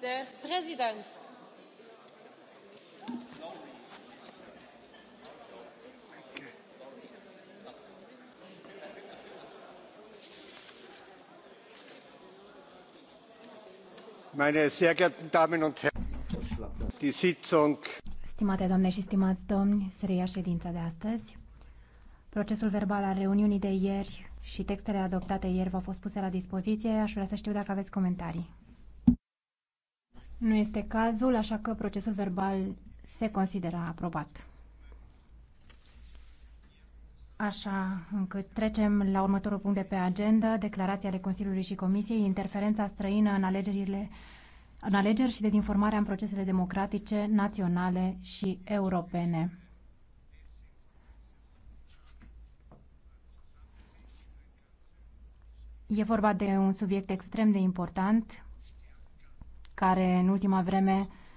der präsident! meine sehr geehrten damen und herren! die sitzung. stimate doamne și stimați domni se reia ședința de astăzi. procesul verbal al reuniunii de ieri și textele adoptate ieri v-au fost puse la dispoziție. aș vrea să știu dacă aveți comentarii. Nu este cazul, așa că procesul verbal se consideră aprobat. Așa încât trecem la următorul punct de pe agenda, declarația ale Consiliului și Comisiei, interferența străină în alegerile în alegeri și dezinformarea în procesele democratice, naționale și europene. E vorba de un subiect extrem de important care în ultima vreme